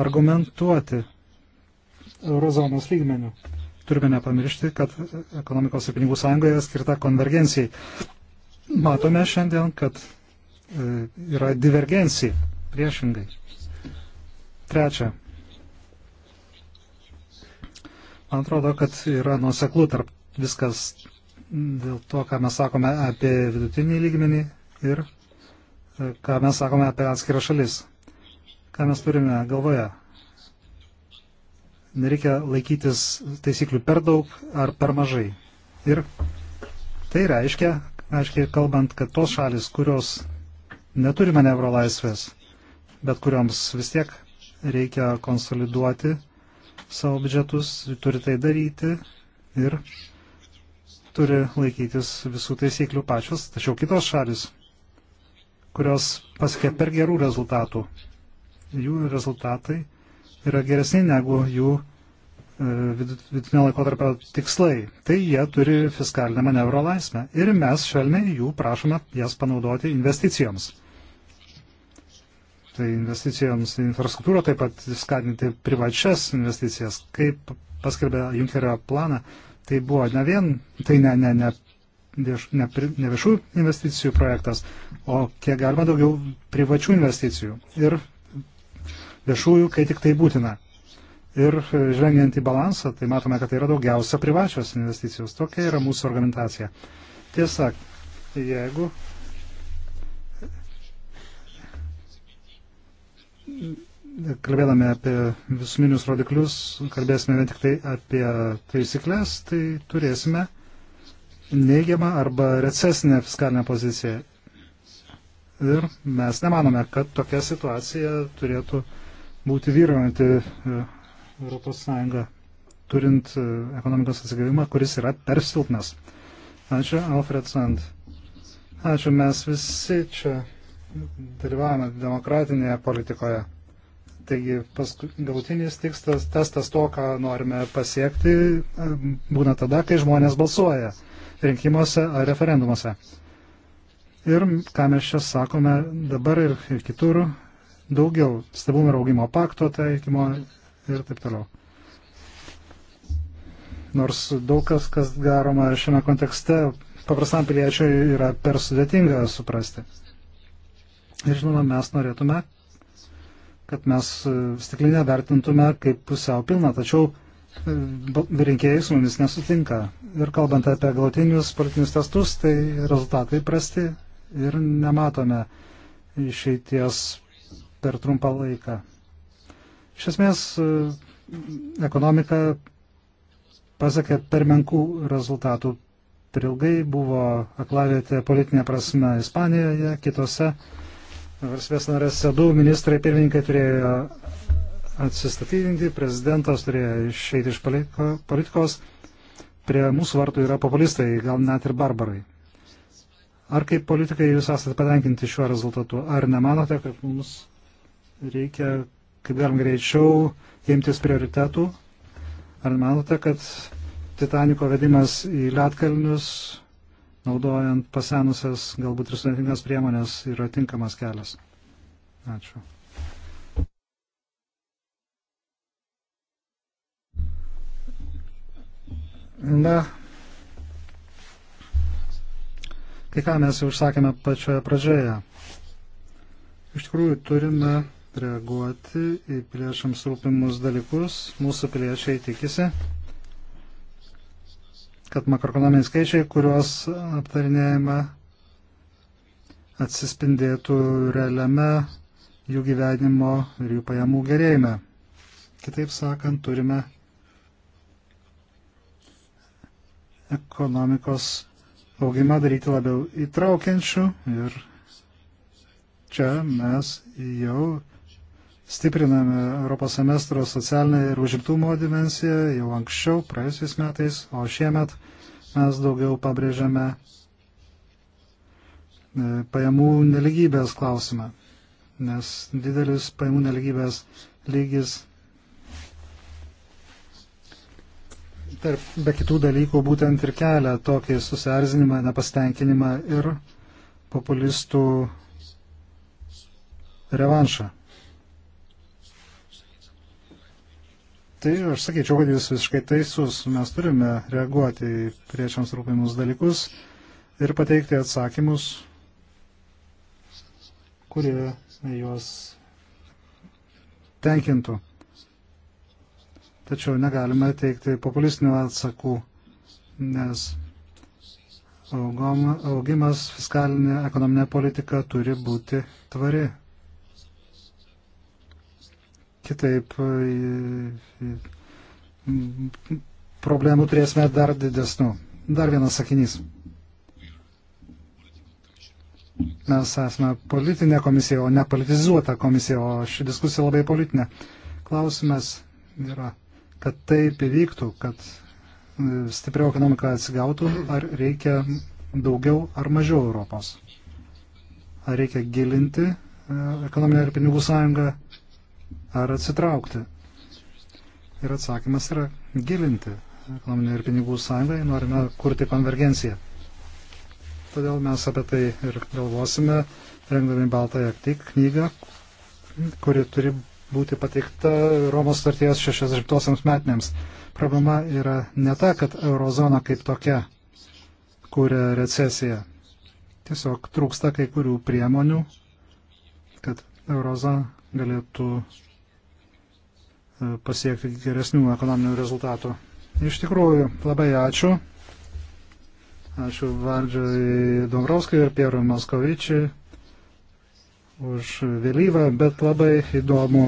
argumentuoti eurozonos lygmenių. Turime nepamiršti, kad ekonomikos ir pinigų sąjungoje skirta konvergencijai. Matome šiandien, kad e, yra divergencija priešingai. Trečia. Man atrodo, kad yra nuoseklų tarp viskas dėl to, ką mes sakome apie vidutinį lygmenį ir e, ką mes sakome apie atskirą šalis ką mes turime galvoje. Nereikia laikytis taisyklių per daug ar per mažai. Ir tai reiškia, aiškiai kalbant, kad tos šalis, kurios neturi manevro laisvės, bet kurioms vis tiek reikia konsoliduoti savo biudžetus, turi tai daryti ir turi laikytis visų taisyklių pačios, tačiau kitos šalis, kurios pasiekė per gerų rezultatų, jų rezultatai yra geresni negu jų e, vidutinio laikotarpio tikslai. Tai jie turi fiskalinę manevro laisvę ir mes švelniai jų prašome jas panaudoti investicijoms. Tai investicijoms į infrastruktūrą, taip pat skatinti privačias investicijas. Kaip paskelbė Junkerio planą, tai buvo ne vien, tai ne, ne, ne, vieš, ne, ne viešų investicijų projektas, o kiek galima daugiau privačių investicijų. Ir viešųjų, kai tik tai būtina. Ir e, žvengiant į balansą, tai matome, kad tai yra daugiausia privačios investicijos. Tokia yra mūsų organizacija. Tiesa, jeigu kalbėdami apie visuminius rodiklius, kalbėsime ne tik tai apie taisyklės, tai turėsime neigiamą arba recesinę fiskalinę poziciją. Ir mes nemanome, kad tokia situacija turėtų uh, būti vyraujanti e, Europos Sąjunga, turint e, ekonomikos atsigavimą, kuris yra per silpnas. Ačiū, Alfred Sand. Ačiū, mes visi čia dalyvavome demokratinėje politikoje. Taigi paskui, galutinis tikslas, testas to, ką norime pasiekti, e, būna tada, kai žmonės balsuoja rinkimuose ar referendumuose. Ir ką mes čia sakome dabar ir, ir kitur, daugiau stabilumo ir augimo pakto taikymo ir taip toliau. Nors daug kas, kas daroma šiame kontekste, paprastam piliečiui yra per sudėtinga suprasti. Ir žinoma, mes norėtume, kad mes e, stiklinę vertintume kaip pusiau pilną, tačiau e, rinkėjai su mumis nesutinka. Ir kalbant apie galutinius politinius testus, tai rezultatai prasti ir nematome išeities per trumpą laiką. Iš esmės, e, ekonomika pasakė per menkų rezultatų. Per ilgai buvo aklavietė politinė prasme Ispanijoje, kitose valstybės narėse du ministrai pirmininkai turėjo atsistatydinti, prezidentas turėjo išeiti iš politikos. Prie mūsų vartų yra populistai, gal net ir barbarai. Ar kaip politikai jūs esate patenkinti šiuo rezultatu? Ar nemanote, kad mums reikia, kaip galim greičiau, imtis prioritetų. Ar manote, kad Titaniko vedimas į Lietkalnius, naudojant pasenusias, galbūt ir sudėtingas priemonės, yra tinkamas kelias? Ačiū. Na, kai ką mes jau užsakėme pačioje pradžioje. Iš tikrųjų turime reaguoti į priešams rūpimus dalykus. Mūsų priešiai tikisi, kad makroekonominiai skaičiai, kuriuos aptarinėjame, atsispindėtų realiame jų gyvenimo ir jų pajamų gerėjime. Kitaip sakant, turime ekonomikos augimą daryti labiau įtraukiančių ir čia mes jau stipriname Europos semestro socialinę ir užimtumo dimensiją jau anksčiau, praėjusiais metais, o šiemet mes daugiau pabrėžiame e, pajamų neligybės klausimą, nes didelis pajamų neligybės lygis tarp be kitų dalykų būtent ir kelia tokį susierzinimą, nepastenkinimą ir populistų revanšą. Tai aš sakyčiau, kad jūs visiškai teisus. Mes turime reaguoti į priečiams rūpimus dalykus ir pateikti atsakymus, kurie juos tenkintų. Tačiau negalime teikti populistinių atsakų, nes augimas, fiskalinė, ekonominė politika turi būti tvari kitaip e, problemų turėsime dar didesnių. Dar vienas sakinys. Mes esame politinė komisija, o ne politizuota komisija, o ši diskusija labai politinė. Klausimas yra, kad taip įvyktų, kad e, stipriau ekonomika atsigautų, ar reikia daugiau ar mažiau Europos. Ar reikia gilinti e, ekonominę ir pinigų sąjungą, ar atsitraukti. Ir atsakymas yra gilinti ekonominio ir pinigų sąjungai, norime kurti konvergenciją. Todėl mes apie tai ir galvosime, rengdami Baltąją knygą, kuri turi būti pateikta Romos starties 60-osiams metinėms. Problema yra ne ta, kad eurozona kaip tokia kūrė recesiją. Tiesiog trūksta kai kurių priemonių, kad eurozona galėtų E, pasiekti geresnių ekonominių rezultatų. Iš tikrųjų, labai ačiū. Ačiū Valdžiui Dombrovskai ir Pierui Moskovičiui už vėlyvą, bet labai įdomų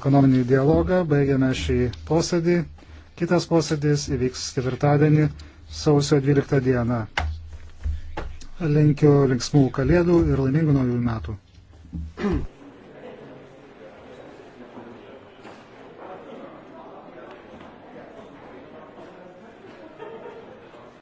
ekonominį dialogą. Baigiame šį posėdį. Kitas posėdis įvyks ketvirtadienį, sausio 12 dieną. Linkiu linksmų kalėdų ir laimingų naujų metų.